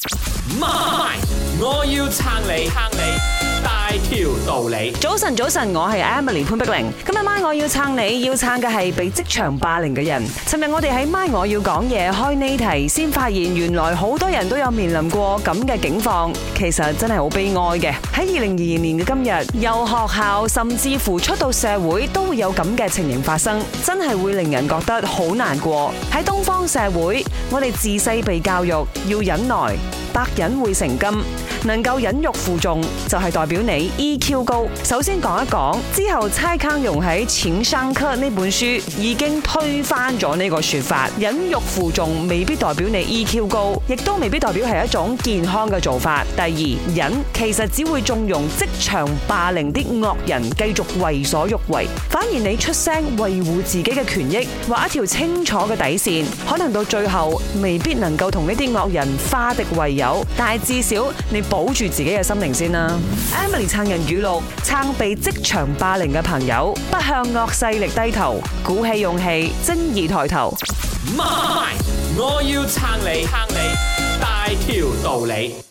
媽咪，My. 我要撐你，撐你。大條道理，早晨，早晨，我係 Emily 潘碧玲。今日 m 我要撐你，要撐嘅係被職場霸凌嘅人。尋日我哋喺 m 我要講嘢開呢題，先發現原來好多人都有面臨過咁嘅境況。其實真係好悲哀嘅。喺二零二二年嘅今日，由學校甚至乎出到社會都會有咁嘅情形發生，真係會令人覺得好難過。喺東方社會，我哋自細被教育要忍耐，百忍會成金，能夠忍辱負重就係、是、代表。表你 EQ 高，首先講一講，之後蔡康永喺《情商課》呢本書已經推翻咗呢個說法，忍辱負重未必代表你 EQ 高，亦都未必代表係一種健康嘅做法。第二，忍其實只會縱容職場霸凌啲惡人繼續為所欲為，反而你出聲維護自己嘅權益，畫一條清楚嘅底線，可能到最後未必能夠同呢啲惡人化敵為友，但係至少你保住自己嘅心靈先啦。Emily 撐人語錄，撐被職場霸凌嘅朋友，不向惡勢力低頭，鼓起勇氣，正義抬頭。我要撐你，撐你，大條道理。